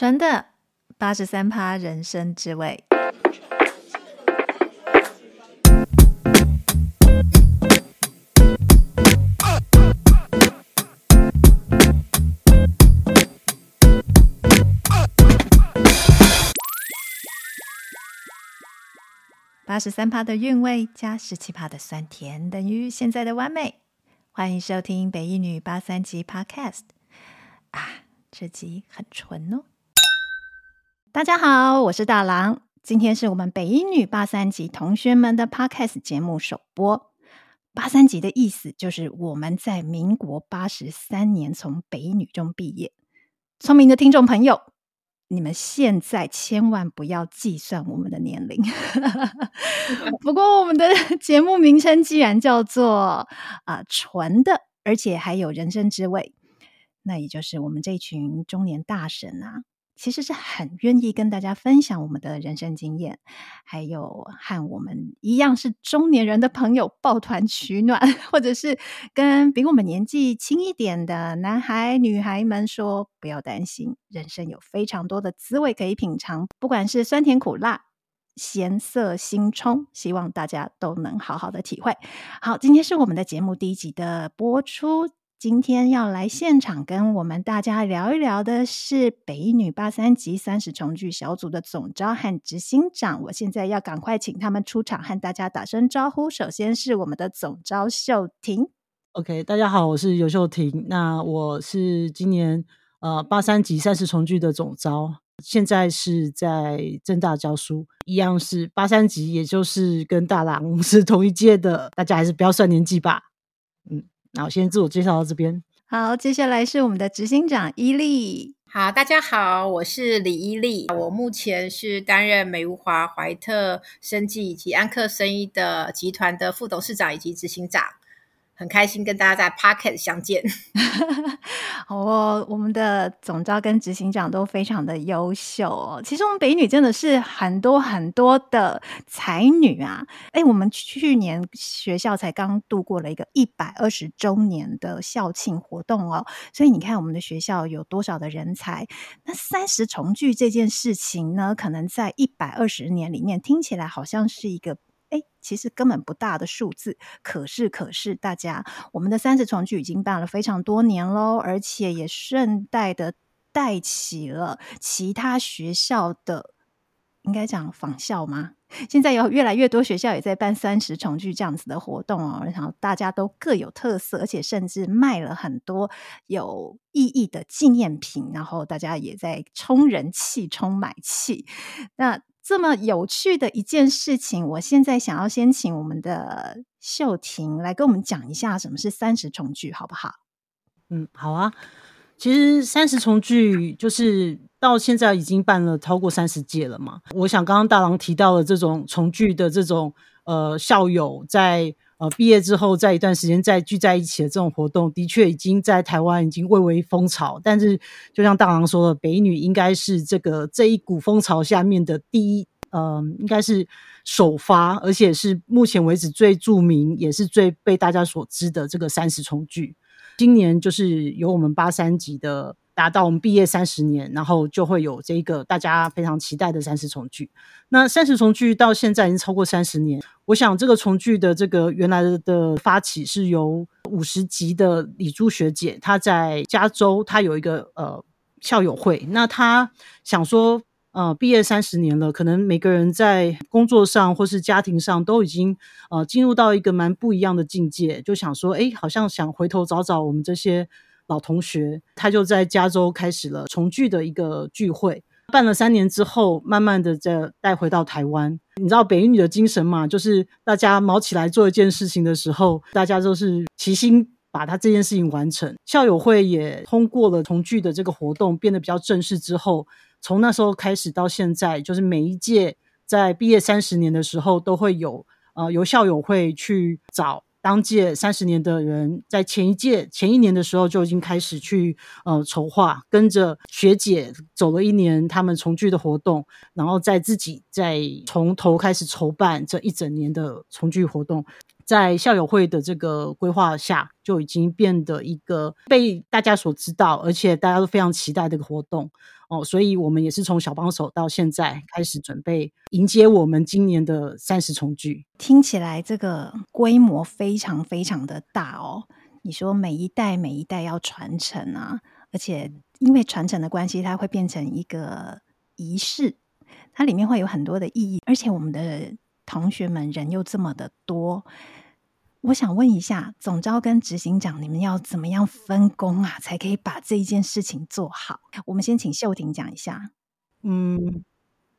純的八十三趴人生之味，八十三趴的韻味加十七趴的酸甜，等於現在的完美。歡迎收聽北一女八三級 Podcast 啊，這集很純哦。大家好，我是大郎。今天是我們北一女八三級同學們的 podcast 節目首播。八三級的意思就是我們在民國八十三年從北一女中畢業。聰明的聽眾朋友，你們現在千萬不要計算我們的年齡。 不過，我們的節目名稱既然叫做啊、呃、醇的，而且還有人生之味，那也就是我們這群中年大神啊，其實是很願意跟大家分享我們的人生經驗，還有和我們一樣是中年人的朋友抱團取暖，或者是跟比我們年紀輕一點的男孩女孩們說，不要擔心，人生有非常多的滋味可以品嘗，不管是酸甜苦辣、鹹澀辛衝，希望大家都能好好的體會。好，今天是我們的節目第一集的播出。今天要來現場跟我們大家聊一聊的是北一女八三級三十重聚小組的總召和執行長，我現在要趕快請他們出場和大家打聲招呼。首先是我們的總召琇婷，OK，大家好，我是游琇婷，那我是今年呃八三級三十重聚的總召，現在是在政大教書，一樣是八三級，也就是跟大郎是同一屆的，大家還是不要算年紀吧。那我先自我介紹到這邊。好，接下來是我們的執行長伊俐。好，大家好，我是李伊俐。我目前是擔任美吾華、懷特生技以及安克生醫的集團的副董事長以及執行長。很開心跟大家在 Podcast 相見。哈哈哈，哦，我們的總召跟執行長都非常的優秀哦。其實我們北女真的是很多很多的才女啊。哎，我們去年學校才剛度過了一個一百二十周年的校慶活動哦，所以你看我們的學校有多少的人才？那三十重聚這件事情呢，可能在一百二十年裡面聽起來好像是一個。哎，其實根本不大的數字，可是可是，大家我們的三十重聚已經辦了非常多年嘍，而且也順帶的帶起了其他學校的，應該講仿效嗎？現在有越來越多學校也在辦三十重聚這樣子的活動哦，然後大家都各有特色，而且甚至賣了很多有意義的紀念品，然後大家也在衝人氣、衝買氣，那。這麼有趣的一件事情，我現在想要先請我們的秀婷來跟我們講一下什麼是三十重聚，好不好？嗯，好啊。其實三十重聚就是到現在已經辦了超過三十屆了嘛。我想剛剛大郎提到了這種重聚的這種呃校友在。呃，畢業之後，在一段時間再聚在一起的這種活動，的確已經在台灣已經蔚為風潮。但是，就像大郎說的，北女應該是這個這一股風潮下面的第一，嗯、呃，應該是首發，而且是目前為止最著名，也是最被大家所知的這個三十重聚。今年就是由我們八三級的。達到我們畢業三十年，然後就會有這個大家非常期待的三十重聚。那三十重聚到現在已經超過三十年，我想這個重聚的這個原來的發起是由五十級的李珠學姐，她在加州，她有一個呃校友會。那她想說，呃，畢業三十年了，可能每個人在工作上或是家庭上都已經呃進入到一個蠻不一樣的境界，就想說，哎，好像想回頭找找我們這些。老同學，他就在加州開始了重聚的一個聚會，辦了三年之後，慢慢的再帶回到台灣。你知道北一女的精神嘛？就是大家卯起來做一件事情的時候，大家都是齊心把它這件事情完成。校友會也通過了重聚的這個活動，變得比較正式之後，從那時候開始到現在，就是每一屆在畢業三十年的時候，都會有呃，由校友會去找。當屆三十年的人，在前一屆前一年的時候就已經開始去呃籌劃，跟着學姐走了一年他們重聚的活動，然後再自己再從頭開始籌辦這一整年的重聚活動，在校友會的這個規劃下，就已經變得一個被大家所知道，而且大家都非常期待這個活動。哦，所以我們也是從小幫手到現在開始準備迎接我們今年的三十重聚。聽起來這個規模非常非常的大哦。你說每一代每一代要傳承啊，而且因為傳承的關係，它會變成一個儀式，它裡面會有很多的意義。而且我們的同學們人又這麼的多。我想問一下，總召跟執行長，你們要怎麼樣分工啊，才可以把這一件事情做好？我們先請秀婷講一下。嗯，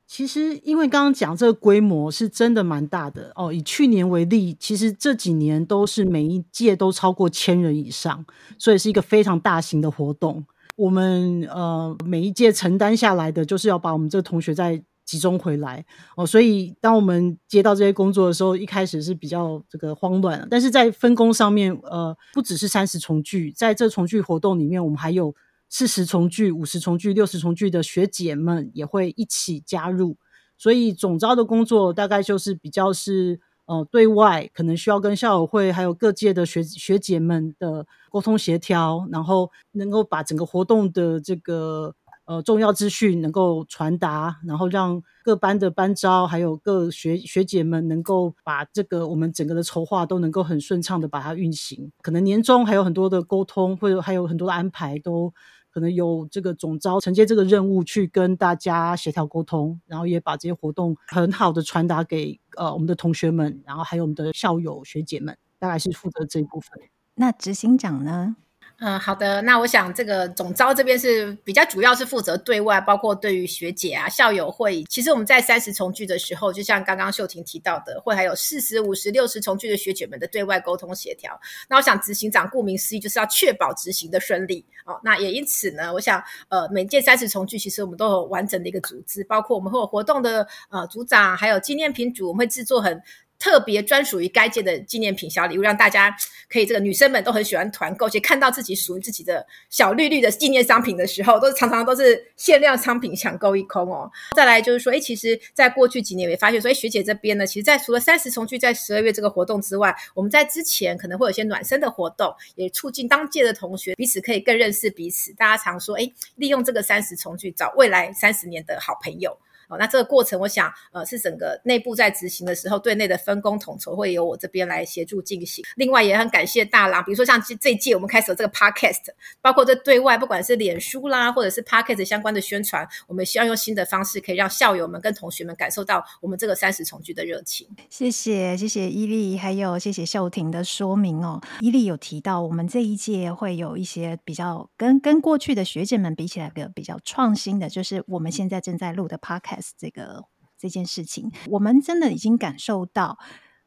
其實因為剛剛講這個規模是真的蠻大的哦，以去年為例，其實這幾年都是每一屆都超過千人以上，所以是一個非常大型的活動。我們呃每一屆承擔下來的就是要把我們這個同學在。集中回來哦、呃，所以當我們接到這些工作的時候，一開始是比較這個慌亂了，但是在分工上面，呃，不只是三十重聚，在這重聚活動裡面，我們還有四十重聚、五十重聚、六十重聚的學姐們也會一起加入。所以總召的工作大概就是比較是呃對外，可能需要跟校友會還有各界的學學姐們的溝通協調，然後能夠把整個活動的這個。呃，重要資訊能夠傳達，然後讓各班的班召還有各學學姐們能夠把這個我們整個的籌劃都能夠很順暢的把它運行。可能年終還有很多的溝通，或者還有很多的安排，都可能有這個總召承接這個任務去跟大家協調溝通，然後也把這些活動很好的傳達給呃我們的同學們，然後還有我們的校友學姐們，大概是負責這一部分。那執行長呢？嗯，好的。那我想，這個總召這邊是比較主要是負責對外，包括對於學姐啊、校友會。其實我們在三十重聚的時候，就像剛剛琇婷提到的，會還有四十五十六十重聚的學姐們的對外溝通協調。那我想，執行長顧名思義就是要確保執行的順利哦。那也因此呢，我想，呃，每屆三十重聚其實我們都有完整的一個組織，包括我們會有活動的呃組長，還有紀念品組，我們會製作很特別專屬於該屆的紀念品小禮物，讓大家可以這個，女生們都很喜歡團購，且看到自己屬於自己的小綠綠的紀念商品的時候，都是常常都是限量商品搶購一空哦。再來就是說，哎，其實，在過去幾年也發現，所以學姐這邊呢，其實在除了三十重聚在十二月這個活動之外，我們在之前可能會有些暖身的活動，也促進當屆的同學彼此可以更認識彼此。大家常說，哎，利用這個三十重聚找未來三十年的好朋友。哦，那這個過程，我想，呃，是整個內部在執行的時候，對內的分工統籌會由我這邊來協助進行。另外，也很感謝大郎，比如說像這這一屆我們開始有這個 podcast，包括這對外，不管是臉書啦，或者是 podcast 相關的宣傳，我們需要用新的方式，可以讓校友們跟同學們感受到我們這個三十重聚的熱情。謝謝，謝謝伊俐，還有謝謝琇婷的說明哦。伊俐有提到，我們這一屆會有一些比較跟跟過去的學姐們比起來的比較創新的，就是我們現在正在錄的 podcast。這個這件事情，我們真的已經感受到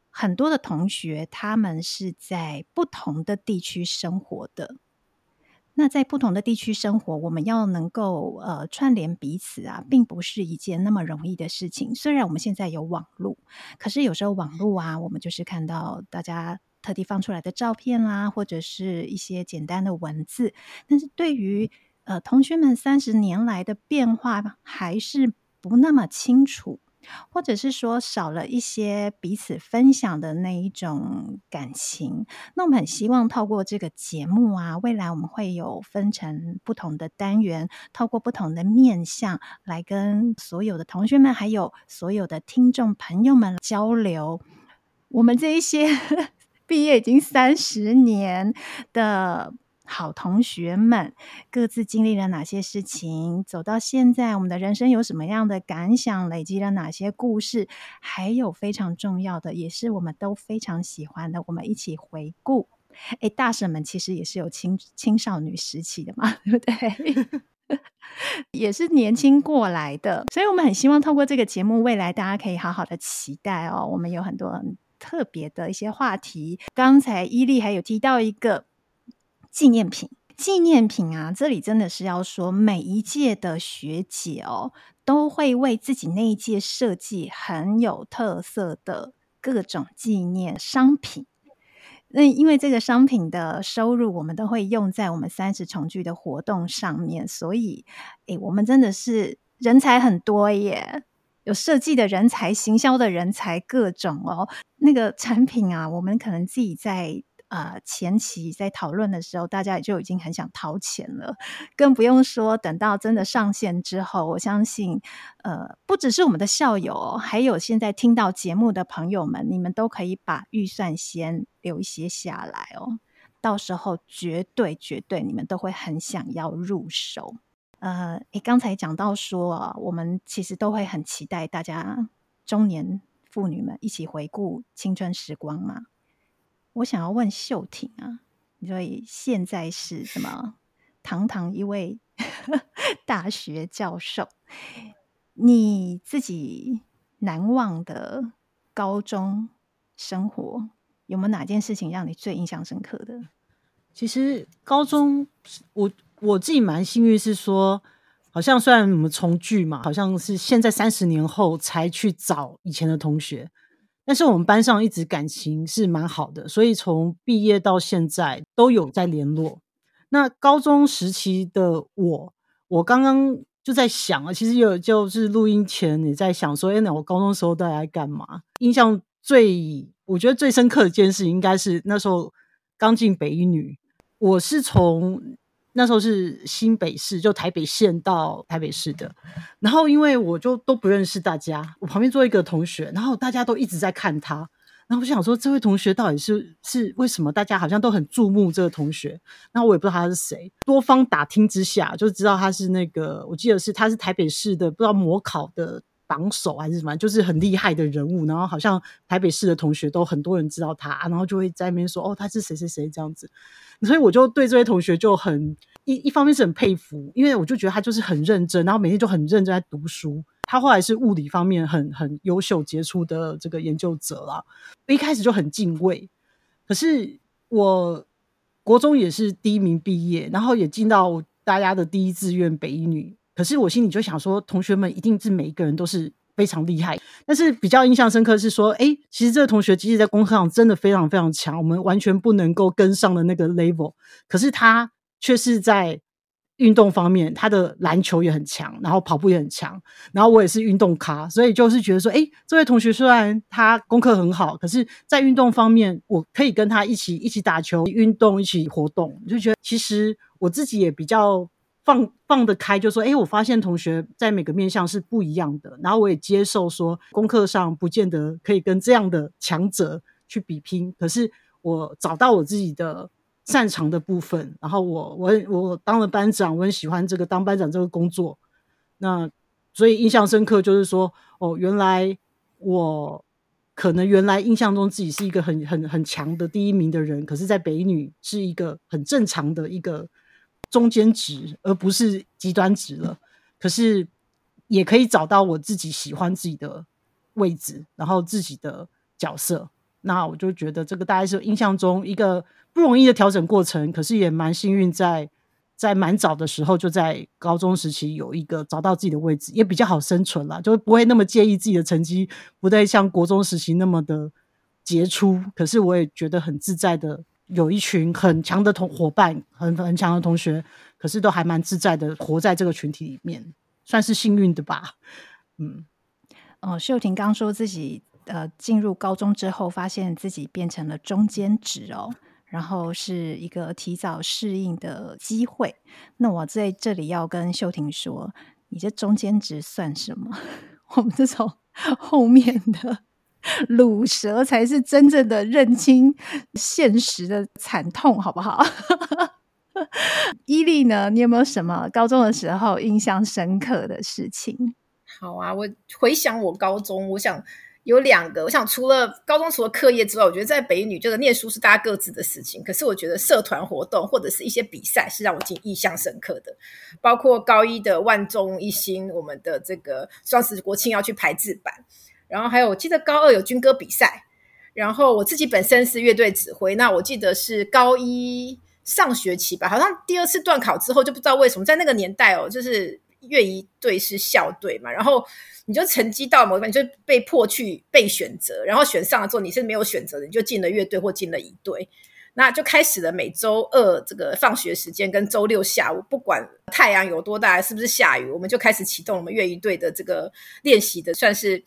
很多的同學，他們是在不同的地區生活的。那在不同的地區生活，我們要能夠呃串聯彼此啊，並不是一件那麼容易的事情。雖然我們現在有網絡，可是有時候網絡啊，我們就是看到大家特地放出來的照片啦啊，或者是一些簡單的文字，但是對於呃同學們三十年來的變化，還是。不那麼清楚，或者是說少了一些彼此分享的那一種感情。那我們很希望透過這個節目啊，未來我們會有分成不同的單元，透過不同的面向來跟所有的同學們，還有所有的聽眾朋友們交流。我們這一些畢業已經三十年的。好，同學們各自經歷了哪些事情？走到現在，我們的人生有什麼樣的感想？累積了哪些故事？還有非常重要的，也是我們都非常喜歡的，我們一起回顧。哎，大嬸們其實也是有青青少女時期的嘛，對不對？ 也是年輕過來的，所以我們很希望透過這個節目，未來大家可以好好的期待哦。我們有很多很特別的一些話題。剛才伊俐還有提到一個。紀念品，紀念品啊！這裡真的是要說，每一屆的學姐哦，都會為自己那一屆設計很有特色的各種紀念商品。那因為這個商品的收入，我們都會用在我們三十重聚的活動上面。所以，哎，我們真的是人才很多耶，有設計的人才，行銷的人才，各種哦。那個產品啊，我們可能自己在。啊、呃，前期在討論的時候，大家也就已經很想掏錢了，更不用說等到真的上線之後。我相信，呃，不只是我們的校友、哦，還有現在聽到節目的朋友們，你們都可以把預算先留一些下來哦。到時候絕對絕對，你們都會很想要入手。呃，你、欸，剛才講到說、哦，我們其實都會很期待大家中年婦女們一起回顧青春時光嘛。我想要問琇婷啊，你說現在是什麼堂堂一位 大學教授，你自己難忘的高中生活有沒有哪件事情讓你最印象深刻的？的其實高中我我自己蠻幸運，是說好像雖然我們重聚嘛，好像是現在三十年後才去找以前的同學。但是我們班上一直感情是蠻好的，所以從畢業到現在都有在聯絡。那高中時期的我，我剛剛就在想啊，其實有就是錄音前也在想說，哎、欸，那我高中時候都在幹嘛？印象最我覺得最深刻的一件事，應該是那時候剛進北一女，我是從。那時候是新北市，就台北縣到台北市的。然後因為我就都不認識大家，我旁邊坐一個同學，然後大家都一直在看他。然後我就想說，這位同學到底是是為什麼？大家好像都很注目這個同學。然後我也不知道他是誰。多方打聽之下，就知道他是那個，我記得是他是台北市的，不知道模考的榜首還是什麼，就是很厲害的人物。然後好像台北市的同學都很多人知道他，啊，然後就會在那邊說：“哦，他是誰誰誰這樣子。”所以我就對這位同學就很一一方面是很佩服，因為我就覺得他就是很認真，然後每天就很認真在讀書。他後來是物理方面很很優秀傑出的這個研究者啦，一開始就很敬畏。可是我國中也是第一名畢業，然後也進到大家的第一志願北一女。可是我心裡就想說，同學們一定是每一個人都是。非常厲害，但是比較印象深刻是說，哎、欸，其實這個同學其實在功課上真的非常非常強，我們完全不能夠跟上的那個 level，可是他卻是在運動方面，他的籃球也很強，然後跑步也很強，然後我也是運動咖，所以就是覺得說，哎、欸，這位同學雖然他功課很好，可是在運動方面，我可以跟他一起一起打球、運動、一起活動，就覺得其實我自己也比較。放放得開，就說，哎、欸，我發現同學在每個面向是不一樣的。然後我也接受說，功課上不見得可以跟這樣的強者去比拼。可是我找到我自己的擅長的部分。然後我我我當了班長，我很喜歡這個當班長這個工作。那所以印象深刻就是說，哦，原來我可能原來印象中自己是一個很很很強的第一名的人，可是在北一女是一個很正常的一個。中間值，而不是極端值了。可是，也可以找到我自己喜歡自己的位置，然後自己的角色。那我就覺得這個大概是印象中一個不容易的調整過程。可是也蠻幸運，在在蠻早的時候，就在高中時期有一個找到自己的位置，也比較好生存啦，就不會那麼介意自己的成績不再像國中時期那麼的傑出。可是我也覺得很自在的。有一群很強的同夥伴，很很強的同學，可是都還蠻自在的活在這個群體裡面，算是幸運的吧。嗯，哦、呃，琇婷剛說自己呃進入高中之後，發現自己變成了中間值哦，然後是一個提早適應的機會。那我在這裡要跟琇婷說，你這中間值算什麼？ 我們這種後面的。 魯蛇才是真正的認清現實的慘痛，好不好？ 伊俐呢？你有沒有什麼高中的時候印象深刻的事情？好啊，我回想我高中，我想有兩個。我想除了高中除了課業之外，我覺得在北女就是念書是大家各自的事情。可是我覺得社團活動或者是一些比賽是讓我記憶印象深刻的，包括高一的萬眾一心，我們的這個雙十國慶要去排字版。然後還有，我記得高二有軍歌比賽。然後我自己本身是樂隊指揮。那我記得是高一上學期吧，好像第二次段考之後就不知道為什麼，在那個年代哦，就是樂儀隊是校隊嘛，然後你就成績到某個，你就被迫去被選擇，然後選上了之後你是沒有選擇的，你就進了樂隊或進了儀隊。那就開始了每周二這個放學時間跟周六下午，不管太陽有多大，是不是下雨，我們就開始啟動我們樂儀隊的這個練習的，算是。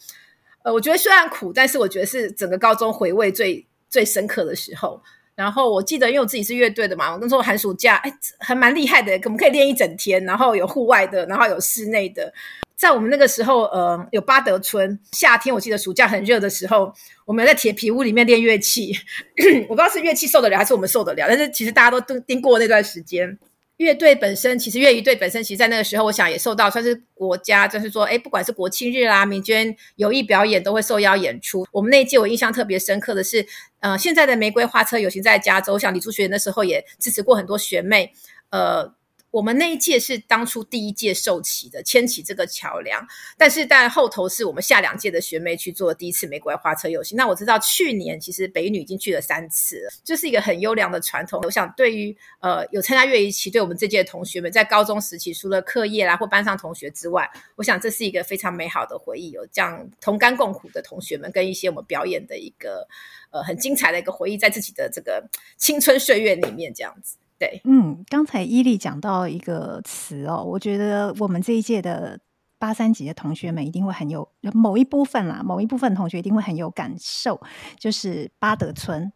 我覺得雖然苦，但是我覺得是整個高中回味最最深刻的時候。然後我記得，因為我自己是樂隊的嘛，我那時候寒暑假哎還蠻厲害的，我們可以練一整天。然後有戶外的，然後有室內的。在我們那個時候，呃，有八德村，夏天我記得暑假很熱的時候，我們在鐵皮屋裡面練樂器。 我不知道是樂器受得了還是我們受得了，但是其實大家都都經過那段時間。樂隊本身，其實樂儀隊本身，其實在那個時候，我想也受到算是國家，就是說，誒不管是國慶日啦、啊、民間遊藝表演，都會受邀演出。我們那一屆我印象特別深刻的是，呃，現在的玫瑰花車遊行在加州，我想李柱學那時候也支持過很多學妹，呃。我們那一屆是當初第一屆授旗的，牽起這個橋梁，但是在後頭是我們下兩屆的學妹去做的第一次玫瑰花車遊行。那我知道去年其實北女已經去了三次了，這是一個很優良的傳統。我想對於呃有參加樂儀隊，對我們這屆的同學們，在高中時期除了課業啦或班上同學之外，我想這是一個非常美好的回憶，有這樣同甘共苦的同學們，跟一些我們表演的一個呃很精彩的一個回憶，在自己的這個青春歲月裡面這樣子。對，嗯，剛才伊俐講到一個詞哦，我覺得我們這一屆的八三級的同學們一定會很有某一部分啦，某一部分同學一定會很有感受，就是八德村。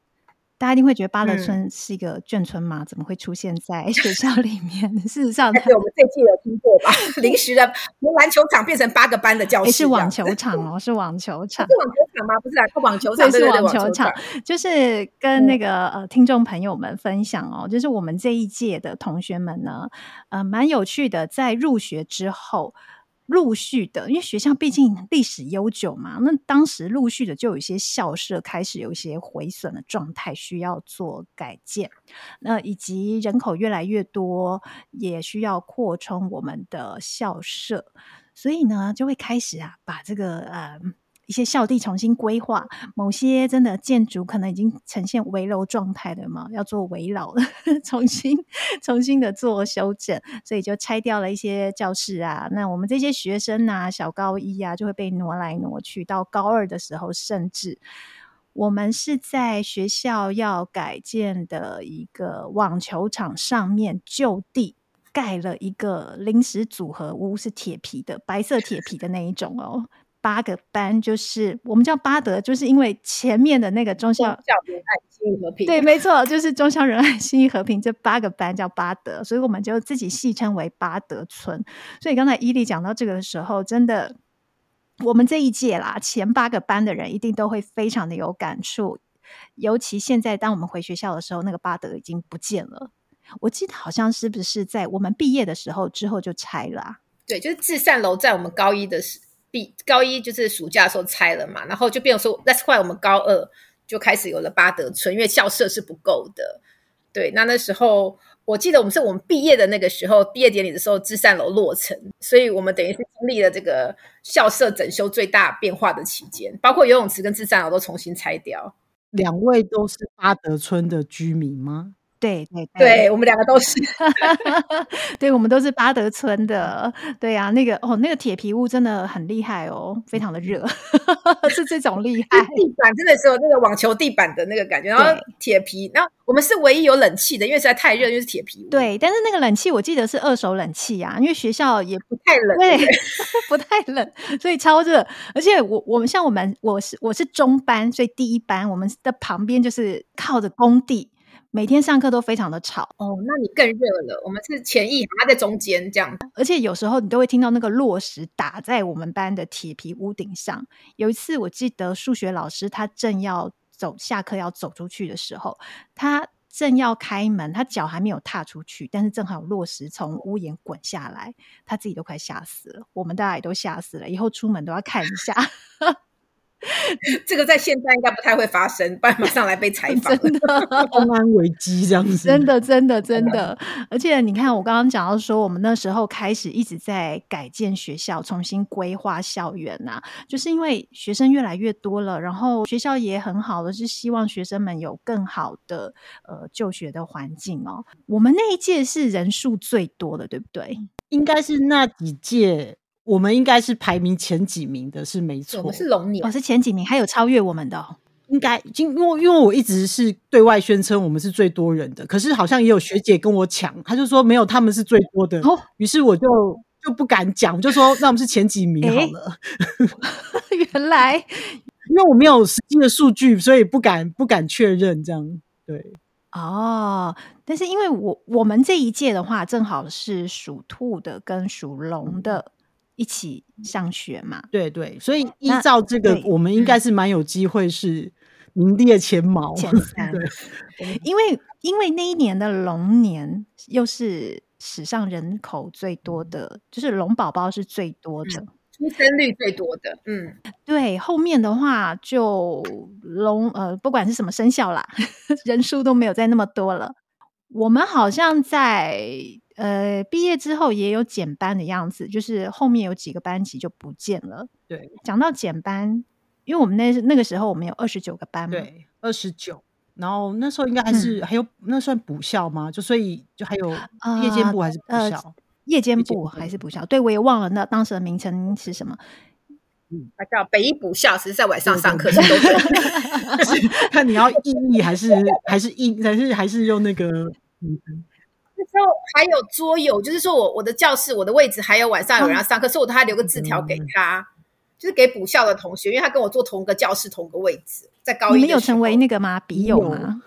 大家一定會覺得八德村是一個眷村嘛，嗯，怎麼會出現在學校裡面？ 事實上，我們這屆有聽過吧？ 臨時的，從籃球場變成八個班的教室，啊，是網球場哦，是網球場，是網球場嗎？不是啊，是網球場，對，是網，球場對是網球場。就是跟那個呃聽眾朋友們分享哦，嗯，就是我們這一屆的同學們呢，呃，蠻有趣的，在入學之後。陸續的，因為學校畢竟歷史悠久嘛，那當時陸續的就有一些校舍開始有一些毀損的狀態，需要做改建。那以及人口越來越多，也需要擴充我們的校舍，所以呢，就會開始啊，把這個呃。嗯一些校地重新規劃，某些真的建築可能已經呈現危樓狀態的嘛，要做危老了呵呵，重新、重新的做修整，所以就拆掉了一些教室啊。那我們這些學生啊，小高一啊，就會被挪來挪去。到高二的時候，甚至我們是在學校要改建的一個網球場上面就地蓋了一個臨時組合屋，是鐵皮的，白色鐵皮的那一種哦。八個班就是我們叫八德，就是因為前面的那個忠孝“忠孝仁愛、信義、和平”，對，沒錯，就是“忠孝仁愛、信義和平，對，沒錯，就是忠孝仁愛信義和平”，這八個班叫八德，所以我們就自己戲稱為“八德村”。所以剛才伊俐講到這個的時候，真的，我們這一屆啦，前八個班的人一定都會非常的有感觸。尤其現在當我們回學校的時候，那個八德已經不見了。我記得好像是不是在我們畢業的時候之後就拆了、啊？對，就是至善樓在我們高一的時候。高一就是暑假的時候拆了嘛，然後就變成說，That's why 我們高二就開始有了八德村，因為校舍是不夠的。對，那那時候我記得我們是我們畢業的那個時候，畢業典禮的時候，至善樓落成，所以我們等於是經歷了這個校舍整修最大變化的期間，包括游泳池跟至善樓都重新拆掉。兩位都是八德村的居民嗎？對對對，對我們兩個都是 對，我們都是八德村的。對呀、啊，那個哦，那個鐵皮屋真的很厲害哦，非常的熱， 是這種厲害。 地板真的是有那個網球地板的那個感覺，然後鐵皮，然後我們是唯一有冷氣的，因為實在太熱，就是鐵皮屋。對，但是那個冷氣我記得是二手冷氣啊，因為學校也不太冷，對，對 不太冷，所以超熱。 而且我我們像我們我是我是中班，所以第一班我們的旁邊就是靠着工地。每天上課都非常的吵哦，那你更熱了。我們是前一，他在中間這樣，而且有時候你都會聽到那個落石打在我們班的鐵皮屋頂上。有一次我記得數學老師他正要走下課要走出去的時候，他正要開門，他腳還沒有踏出去，但是正好落石從屋檐滾下來，他自己都快嚇死了，我們大家也都嚇死了。以後出門都要看一下。 這個在現在應該不太會發生，不然馬上來被採訪， 真的，公 安危機這樣子，真的，真的，真的。 而且你看，我剛剛講到說，我們那時候開始一直在改建學校，重新規劃校園啊，就是因為學生越來越多了，然後學校也很好的是希望學生們有更好的呃就學的環境哦。我們那一屆是人數最多的，對不對？應該是那幾屆。我們應該是排名前幾名的，是沒錯。我們是龍年，我、哦、是前幾名，還有超越我們的、哦。應該，因因為因為我一直是對外宣稱我們是最多人的，可是好像也有學姐跟我搶，她就說沒有，他們是最多的。哦，於是我就就不敢講，就說 那我們是前幾名好了、欸。 原來，因為我沒有實際的數據，所以不敢不敢確認這樣。對，哦，但是因為我我們這一屆的話，正好是屬兔的跟屬龍的，一起上學嘛？對對，所以依照這個，我們應該是蠻有機會是名列前茅。前三，因為因為那一年的龍年又是史上人口最多的，就是龍寶寶是最多的，嗯、出生率最多的。嗯，對，後面的話就龍呃，不管是什麼生肖啦，人數都沒有再那麼多了。我們好像在。呃，畢業之後也有減班的樣子，就是後面有幾個班級就不見了。對，講到減班，因為我們那是那個時候我們有二十九個班嘛，對，二十九。然後那時候應該還是還有、嗯、那算補校嗎？就所以就還有夜間部還是補校？嗯呃、夜間部還是補校對？對，我也忘了那當時的名稱是什麼。嗯、叫北一補校，其實在晚上上課 都是、 就是。看你要意譯還是 還是意還是還是用那個？之後還有桌友，就是說我我的教室我的位置，還有晚上有人要上課，嗯，所以我都還留個字條給他，嗯，就是給補校的同學，因為他跟我坐同個教室同個位置，在高一，你們有成為那個嗎？筆友嗎？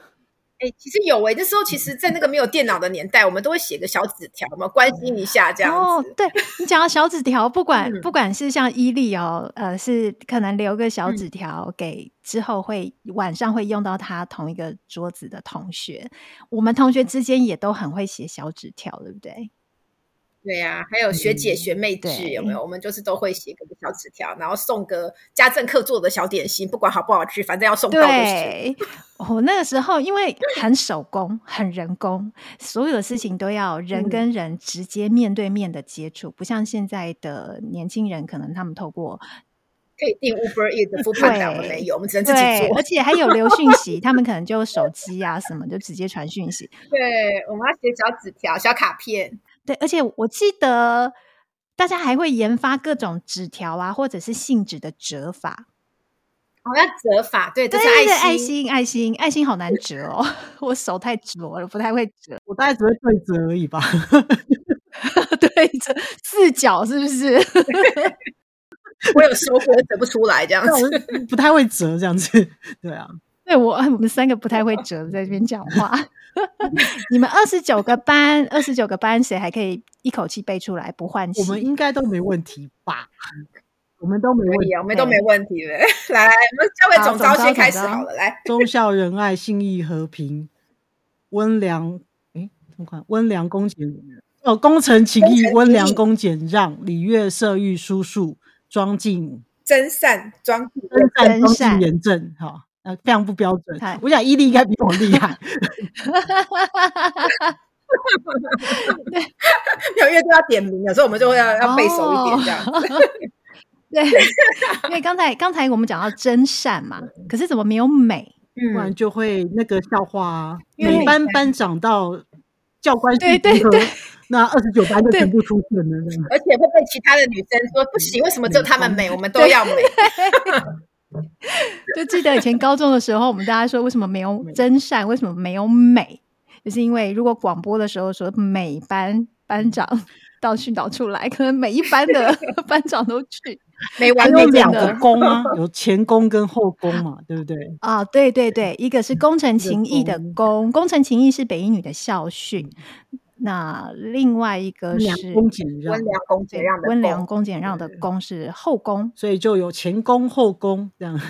哎、欸，其實有哎、欸，那時候其實，在那個沒有電腦的年代、嗯，我們都會寫個小紙條嘛，關心一下這樣子。哦，對，你講到小紙條，不管、嗯、不管是像伊俐哦、喔，呃，是可能留個小紙條給、嗯、之後會晚上會用到他同一個桌子的同學，我們同學之間也都很會寫小紙條，對不對？對呀、啊，還有學姐學妹制、嗯、有沒有？我們就是都會寫個小紙條，然後送個家政課做的小點心，不管好不好吃，反正要送到的對。我、哦、那個時候因為很手工、很人工，所有的事情都要人跟人直接面對面的接觸、嗯，不像現在的年輕人，可能他們透過可以訂 Uber Eats、 Uber 沒有，我們只能自己做，而且還有留訊息， 他們可能就手機啊什麼就直接傳訊息。對，我們要寫小紙條、小卡片。對，而且我記得大家還會研發各種紙條啊，或者是信紙的摺法。好、哦、要摺法，對，對是愛心，對，對，愛心，愛心，愛心，好難摺哦， 我手太拙了，不太會摺。我大概只會對摺而已吧。 對摺四角是不是？ 我有收摺摺不出來這樣子，不太會摺這樣子。對啊。對我，我們三個不太會折，在這邊講話。 你們二十九個班，二十九個班，誰還可以一口氣背出來不換氣？ 我們應該都沒問題吧？我們都沒問題，啊欸、我們都沒問題的。來，我們交給總召先開始好了，好。來，忠孝仁愛，信義和平，溫良，哎，這麼快溫良恭儉哦，工程情義，溫良恭儉讓，禮樂射御書數，莊敬真善，莊真善仁正哈。哦呃，非常不標準。Hi. 我想伊俐應該比我厲害。有樂隊要點名了，所以我們就會要、oh. 要背熟一點這樣。 對，因為剛才剛才我們講到真善嘛，可是怎麼沒有美？嗯、不然就會那個笑話、啊，每班班長到教官宿舍，那二十九班就全部出現了。而且會被其他的女生說不行，為什麼只有他們美？美我們都要美。 就記得以前高中的時候， 我們大家說為什麼沒有真善？為什麼沒有美？就是因為如果廣播的時候說每班班長到訓導處來，可能每一班的班長都去， 沒完沒了啊， 有兩個公啊，有前公跟後公嘛，對不對？啊，對對對，一個是公誠勤毅的公，公誠勤毅是北一女的校訓。那另外一個是溫良恭儉讓，溫良恭儉讓，溫良恭儉讓的恭是後宮，對對對後宮，所以就有前宮後宮這樣。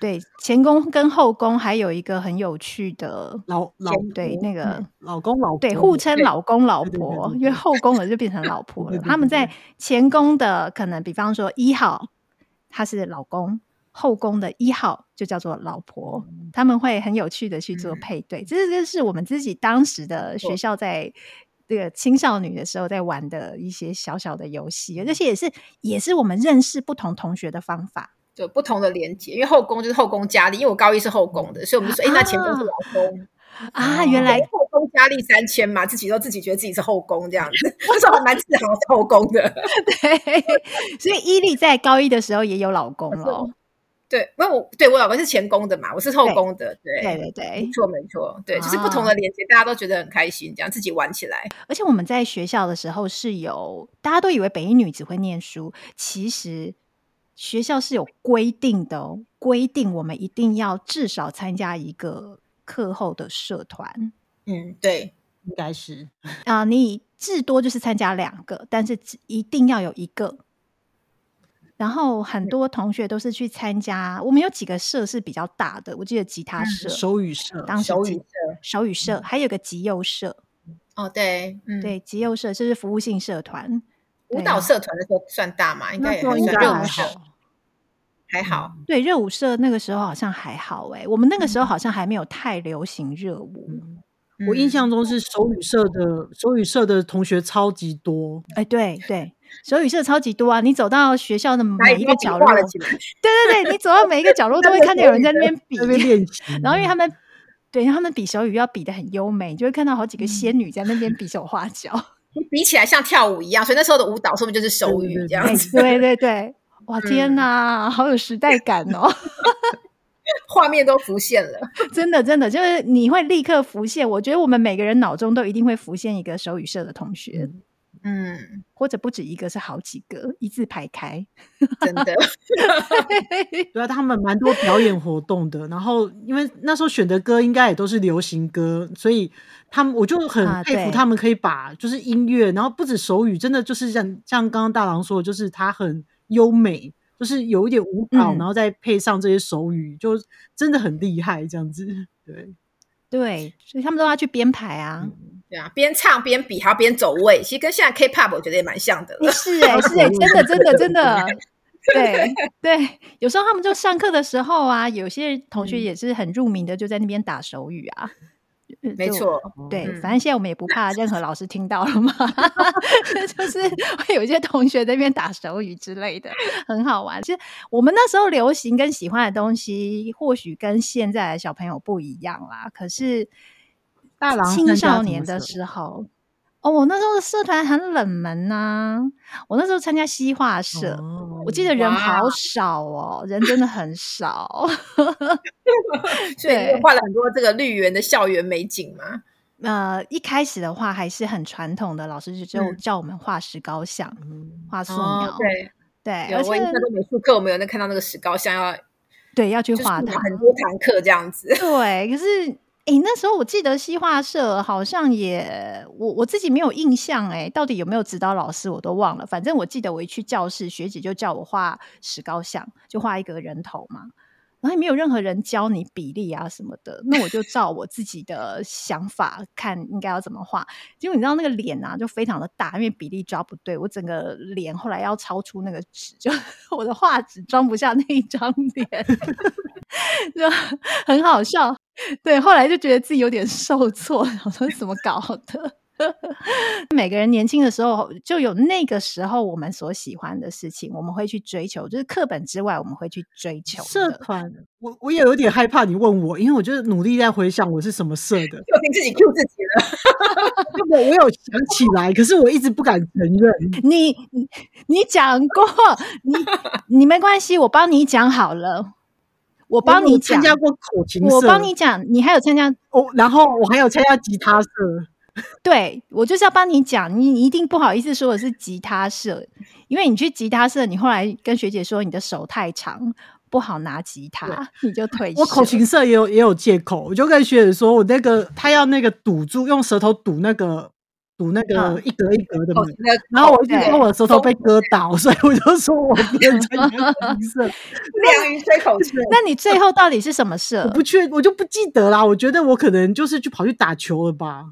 對，前宮跟後宮還有一個很有趣的老老對，那個老公老公對，互稱老公老婆對對對對對，因為後宮了就變成老婆了。 對對對對他們在前宮的可能，比方說一號，他是老公。後宮的一號就叫做老婆。嗯，他們會很有趣的去做配對，其、嗯、實這是我們自己當時的學校在這個青少女的時候在玩的一些小小的遊戲，那、嗯、些也是也是我們認識不同同學的方法，對不同的連接，因為後宮就是後宮佳麗，因為我高一是後宮的，嗯、所以我們就說、啊，欸，那前宮是老公啊，啊，原來後宮佳麗三千嘛，自己都自己覺得自己是後宮這樣子，我 是蠻自豪 後宮的，對，所以伊俐在高一的時候也有老公哦。 對，因為我對我老公是前公的嘛，我是後公的，對對對對，沒錯沒錯、啊，對，就是不同的年紀，大家都覺得很開心，這樣自己玩起來。而且我們在學校的時候是有，大家都以為北一女只會念書，其實學校是有規定的，規定我們一定要至少參加一個課後的社團。嗯，對，應該是啊、呃，你至多就是參加兩個，但是一定要有一個。然後很多同學都是去參加、嗯，我們有幾個社是比較大的，我記得吉他社、嗯、手語社、當手語社、手語社、嗯、還有個集幼社、嗯。哦，對，嗯，對，集幼社這是服務性社團、嗯啊，舞蹈社團的時候算大嘛？應該算熱舞社，還好。嗯、對熱舞社那個時候好像還好哎、欸嗯，我們那個時候好像還沒有太流行熱舞。嗯嗯、我印象中是手語社的手語社的同學超級多。哎、欸，對對。手語社超級多啊！你走到學校的每一個角落，對對對，你走到每一個角落都會看到有人在那邊比，然後因為他們對，他們比手語要比得很優美，就會看到好幾個仙女在那邊比手畫腳，比起來像跳舞一樣。所以那時候的舞蹈是不是就是手語這樣子。對對對對，哇，天啊，好有時代感哦，畫面都浮現了，真的真的就是你會立刻浮現。我覺得我們每個人腦中都一定會浮現一個手語社的同學。嗯，或者不止一個，是好幾個一字排開， 真的。 對啊，他們蠻多表演活動的。然後，因為那時候選的歌應該也都是流行歌，所以他們我就很佩服、啊、他們可以把就是音樂，然後不止手語，真的就是像像剛剛大郎說的，就是它很優美，就是有一點舞蹈、嗯，然後再配上這些手語，就真的很厲害這樣子。對，對，所以他們都要去編排啊。嗯對啊，邊唱邊比，還要邊走位，其實跟現在 K-pop 我覺得也蠻像的。不是哎、欸，是哎、欸， 真的真的真的，對對。有時候他們就上課的時候啊，有些同學也是很入迷的，就在那邊打手語啊。嗯、沒錯，對、嗯，反正現在我們也不怕任何老師聽到了嘛。 就是會有一些同學在那邊打手語之類的，很好玩。其實我們那時候流行跟喜歡的東西，或許跟現在的小朋友不一樣啦。可是。大郎青少年的時候，哦，我那時候的社團很冷門吶、啊。我那時候參加西畫社、嗯，我記得人好少哦，人真的很少， 所以畫了很多這個綠園的校園美景嘛。那、呃、一開始的話還是很傳統的，老師就叫我們畫石膏像，嗯、畫素描、哦。對對有，而且那時美術課我們有能看到那個石膏像要，要對要去畫它、就是、很多堂課這樣子。對，可是。誒、欸、那時候我記得西畫社好像也我我自己沒有印象誒、欸、到底有沒有指導老師我都忘了。反正我記得我一去教室，學姐就叫我畫石膏像，就畫一個人頭嘛。然後也沒有任何人教你比例啊什麼的，那我就照我自己的想法 看應該要怎麼畫。結果你知道那個臉啊就非常的大，因為比例抓不對，我整個臉後來要超出那個紙，就我的畫紙裝不下那一張臉， 就很好笑。對，後來就覺得自己有點受挫，我說怎麼搞的？ 每個人年輕的時候就有那個時候我們所喜歡的事情，我們會去追求，就是課本之外我們會去追求。社團，我我也有點害怕你問我，因為我就是努力在回想我是什麼社的，又自己 Q 自己了。我我有想起來，可是我一直不敢承認。你你講過， 你你沒關係，我幫你講好了。我幫你講，參加過口琴社。我幫你講，你還有參加。哦，然後我還有參加吉他社。對，我就是要幫你講，你一定不好意思說我是吉他社，因為你去吉他社，你後來跟學姐說你的手太長，不好拿吉他，你就退。我口琴社也有也有借口，我就跟學姐說，我那個他要那個堵住，用舌頭堵那個。堵那個一格一格的，嗯，然後我直說我的舌頭被割到，所以我就說我變成一色， 那你最後到底是什麼色？ 我不確，我就不記得啦。我覺得我可能就是去跑去打球了吧，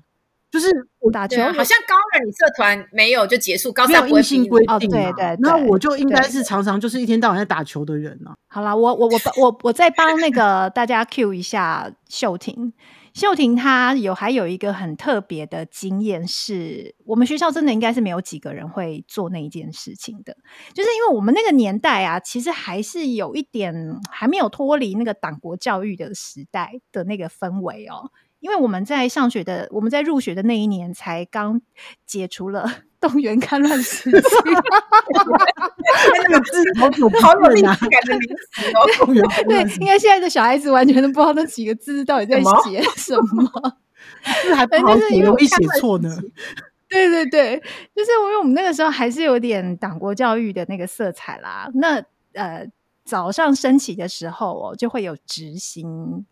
就是、啊、我打球好像高二社團沒有就結束，高三不會規定、啊哦、對，對，對對。那我就應該是常常就是一天到晚在打球的人了、啊。好啦，我我我我我再幫那個大家 Q 一下琇婷。 琇婷她有還有一個很特別的經驗，是我們學校真的應該是沒有幾個人會做那一件事情的，就是因為我們那個年代啊，其實還是有一點還沒有脫離那個黨國教育的時代的那個氛圍哦，因為我們在上學的，我們在入學的那一年才剛解除了。動員戡亂時期 這是，那個字好 好久沒改。對，因為現在的小孩子完全都不知道那幾個字到底在寫什麼，字 還很容易寫錯呢。對對對，就是因為我們那個時候還是有點黨國教育的那個色彩啦。那、呃、早上升旗的時候哦，就會有執行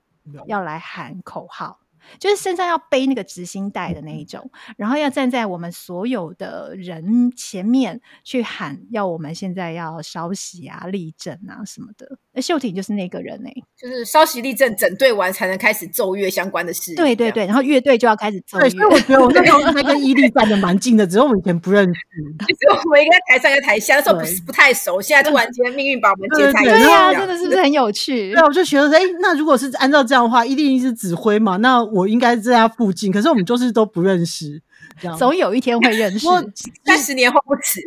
要來喊口號。嗯就是身上要背那個值星帶的那一種，然後要站在我們所有的人前面去喊，要我們現在要稍息啊、立正啊什麼的。琇婷就是那個人哎、欸，就是稍息立正整隊完才能開始奏樂相關的事。對對對，然後樂隊就要開始奏樂。所以我覺得我那時候還跟伊俐站得蠻近的， 只是我們以前不認識，我們應該台上一個台下，那時候不是不太熟。現在突然間命運把我們接在一起呀、啊，真的是不是很有趣？那我就覺得哎、欸，那如果是按照這樣的話，伊俐是指揮嘛，那我應該在他附近，可是我們就是都不認識。總有一天會認識，三十年後不遲。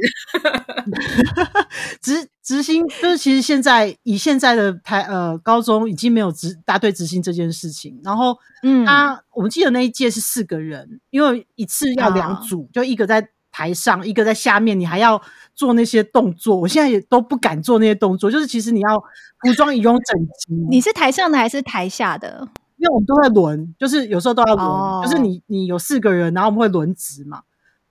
執 執行就是，其實現在以現在的台呃高中已經沒有執大隊執行這件事情。然後，嗯，他、啊、我們記得那一屆是四個人，因為一次要兩組、啊，就一個在台上，一個在下面，你還要做那些動作。我現在也都不敢做那些動作，就是其實你要服裝儀容整齊、嗯。你是台上的還是台下的？因為我們都在輪，就是有時候都要輪，oh. 就是你你有四個人，然後我們會輪值嘛，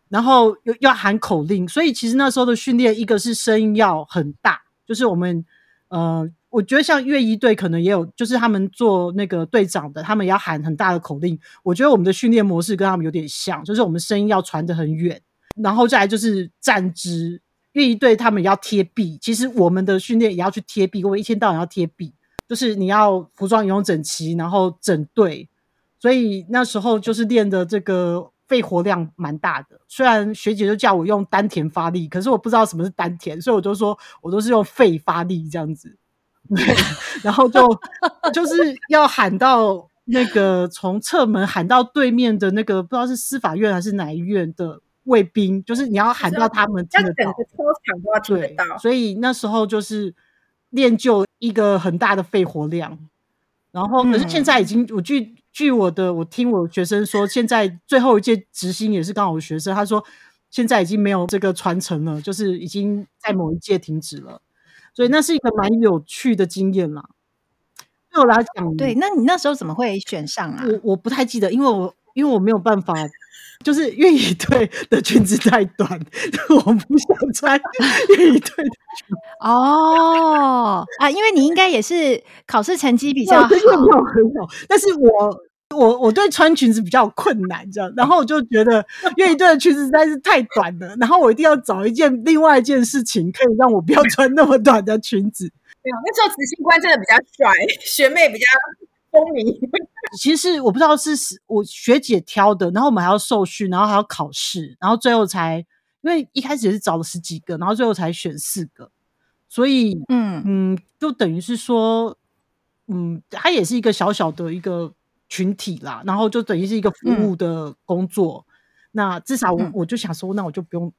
然後要要喊口令，所以其實那時候的訓練，一個是聲音要很大，就是我們呃，我覺得像樂儀隊可能也有，就是他們做那個隊長的，他們也要喊很大的口令。我覺得我們的訓練模式跟他們有點像，就是我們聲音要傳得很遠，然後再來就是站姿。樂儀隊他們也要貼壁，其實我們的訓練也要去貼壁，因為一天到晚要貼壁。就是你要服裝、儀容整齊，然後整隊。所以那時候就是練的這個肺活量蠻大的。雖然學姐就叫我用丹田發力，可是我不知道什麼是丹田，所以我就說我都是用肺發力這樣子。然後就 就是要喊到那個從側門喊到對面的那個，不知道是司法院還是哪一院的衛兵，就是你要喊到他們到，要整個操場都要聽得到。所以那時候就是。練就一個很大的肺活量，然後可是現在已經，嗯、我據據我的，我聽我學生說，現在最後一屆執行也是剛好學生，他說現在已經沒有這個傳承了，就是已經在某一屆停止了，所以那是一個蠻有趣的經驗啦。對我來講，對。那你那時候怎麼會選上啊？我我不太記得，因為我因為我沒有辦法。就是樂儀隊的裙子太短，我不想穿樂儀隊的裙子。哦、 oh, 啊，因為你應該也是考試成績比較好，很 好很好。但是我我我對穿裙子比較困難，這樣。然後我就覺得樂儀隊的裙子實在是太短了。 然後我一定要找一件另外一件事情，可以讓我不要穿那麼短的裙子。對啊，那時候執行官真的比較帥，學妹比較聰明。其實我不知道是我學姐挑的，然後我們還要受訓，然後還要考試，然後最後才，因為一開始也是找了十幾個，然後最後才選四個，所以，嗯嗯，就等於是說，嗯，它也是一個小小的一個群體啦，然後就等於是一個服務的工作，嗯、那至少我、嗯、我就想說，那我就不用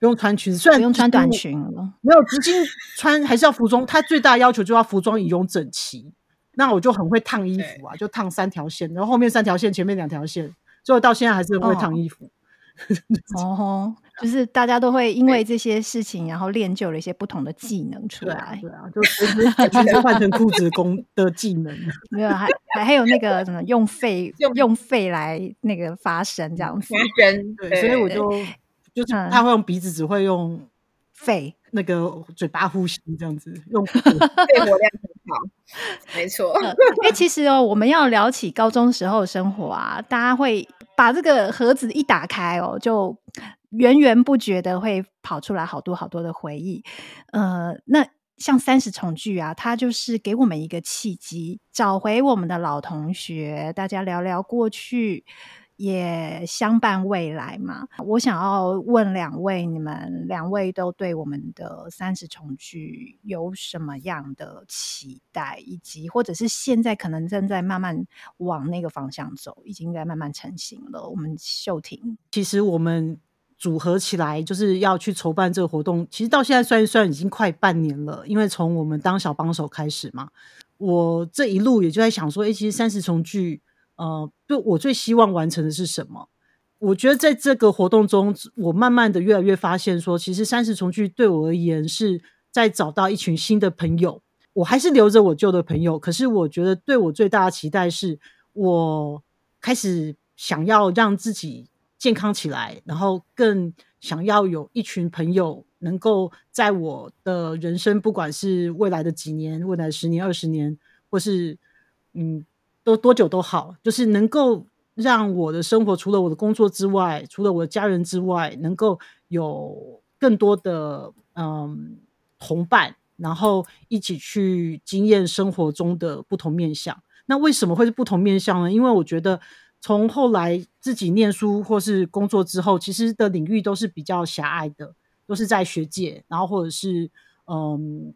不用穿裙子，雖然不用穿短裙了，沒有，直接穿還是要服裝， 它最大要求就要服裝儀容整齊。那我就很會燙衣服啊，就燙三條線，然後後面三條線，前面兩條線，所以到現在還是會燙衣服哦。 哦吼，就是大家都會因為這些事情，然後練就了一些不同的技能出來。對，對啊，就其實換成褲子工的技能，沒有還還有那個什麼用肺用用肺來那個發聲這樣子。發聲，對，對，對，對。所以我就就是他會用鼻子，嗯、只會用肺那個嘴巴呼吸這樣子，用肺， 肺活量很好。沒錯、呃，因為、欸、其實哦，我們要聊起高中時候的生活啊， 大家會把這個盒子一打開哦，就源源不絕的會跑出來好多好多的回憶。呃，那像三十重聚啊，它就是給我們一個契機，找回我們的老同學，大家聊聊過去。也相伴未來嘛？我想要問兩位，你們兩位都對我們的三十重聚有什麼樣的期待，以及或者是現在可能正在慢慢往那個方向走，已經在慢慢成型了。我們琇婷，其實我們組合起來就是要去籌辦這個活動。其實到現在，算一算已經快半年了，因為從我們當小幫手開始嘛，我這一路也就在想說，哎、欸，其實三十重聚。呃，就我最希望完成的是什麼？我覺得在這個活動中，我慢慢的越來越發現說，說其實三十重聚對我而言是在找到一群新的朋友。我還是留着我舊的朋友，可是我覺得對我最大的期待是，我開始想要讓自己健康起來，然後更想要有一群朋友能夠在我的人生，不管是未來的幾年、未來十年、二十年，或是嗯。多多久都好，就是能夠讓我的生活，除了我的工作之外，除了我的家人之外，能夠有更多的嗯同伴，然後一起去經驗生活中的不同面向。那為什麼會是不同面向呢？因為我覺得從後來自己念書或是工作之後，其實的領域都是比較狹隘的，都是在學界，然後或者是嗯。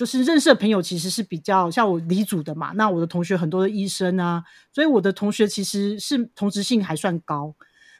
就是認識的朋友其實是比較像我理組的嘛，那我的同學很多的醫生啊，所以我的同學其實是同質性還算高。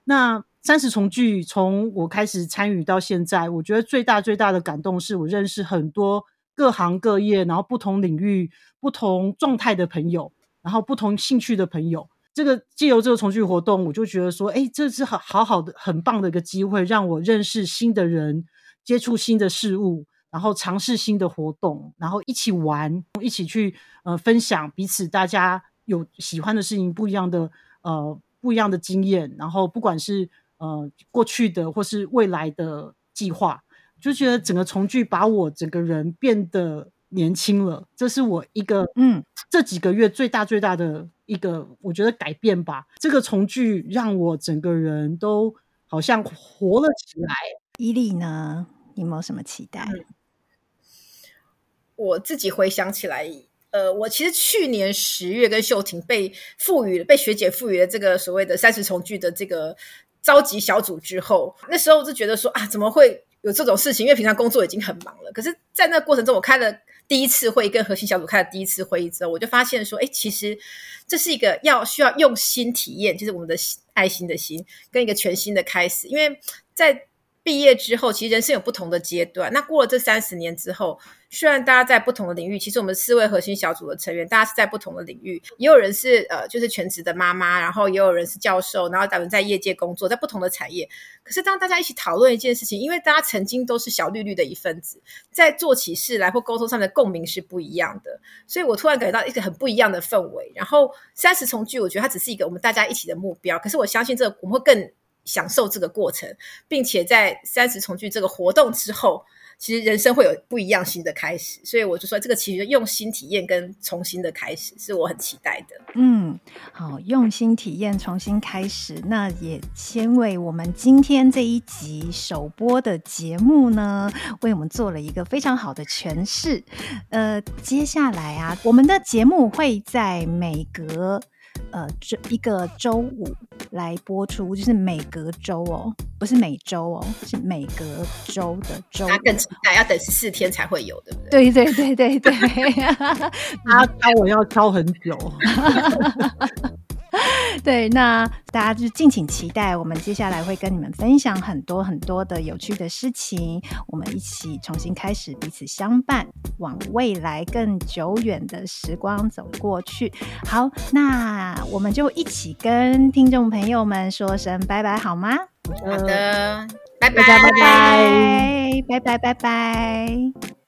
那三十重聚從我開始參與到現在，我覺得最大最大的感動是我認識很多各行各業，然後不同領域、不同狀態的朋友，然後不同興趣的朋友。這個借由這個重聚活動，我就覺得說，哎、欸，這是很好好的、很棒的一個機會，讓我認識新的人，接觸新的事物。然後嘗試新的活動，然後一起玩，一起去呃分享彼此大家有喜歡的事情，不一樣的呃不一樣的經驗。然後不管是呃過去的或是未來的計劃，就覺得整個重聚把我整個人變得年輕了，這是我一個嗯這幾個月最大最大的一個我覺得改變吧。這個重聚讓我整個人都好像活了起來。伊俐呢，你有沒有什麼期待？嗯我自己回想起來，呃，我其實去年十月跟琇婷被賦予了、被學姐賦予了這個所謂的三十重聚的這個召集小組之後，那時候我就覺得說啊，怎麼會有這種事情？因為平常工作已經很忙了。可是，在那過程中，我開了第一次會議，跟核心小組開了第一次會議之後，我就發現說，哎、欸，其實這是一個要需要用心體驗，就是我們的愛心的心跟一個全新的開始。因為在畢業之後，其實人生有不同的階段。那過了這三十年之後。雖然大家在不同的領域，其實我們四位核心小組的成員，大家是在不同的領域，也有人是呃，就是全職的媽媽，然後也有人是教授，然後在業界工作，在不同的產業。可是當大家一起討論一件事情，因為大家曾經都是小綠綠的一份子，在做起事來或溝通上的共鳴是不一樣的，所以我突然感覺到一個很不一樣的氛圍。然後三十重聚，我覺得它只是一個我們大家一起的目標，可是我相信這個，我們會更享受這個過程，並且在三十重聚這個活動之後。其實人生會有不一樣新的開始，所以我就說，這個其實用心體驗跟重新的開始，是我很期待的。嗯，好，用心體驗，重新開始。那也先為我們今天這一集首播的節目呢，為我們做了一個非常好的詮釋。呃，接下來啊，我們的節目會在每隔……呃，這一個周五來播出，就是每隔周哦，不是每周哦，是每隔周的周，那要等十四天才會有，對不對？對對對對對 他要敲我要敲很久。 對，那大家就敬請期待，我們接下來會跟你們分享很多很多的有趣的事情。我們一起重新開始，彼此相伴，往未來更久遠的時光走過去。好，那我們就一起跟聽眾朋友們說聲拜拜，好嗎？好的，呃，拜拜，拜拜，拜拜，拜拜，拜拜。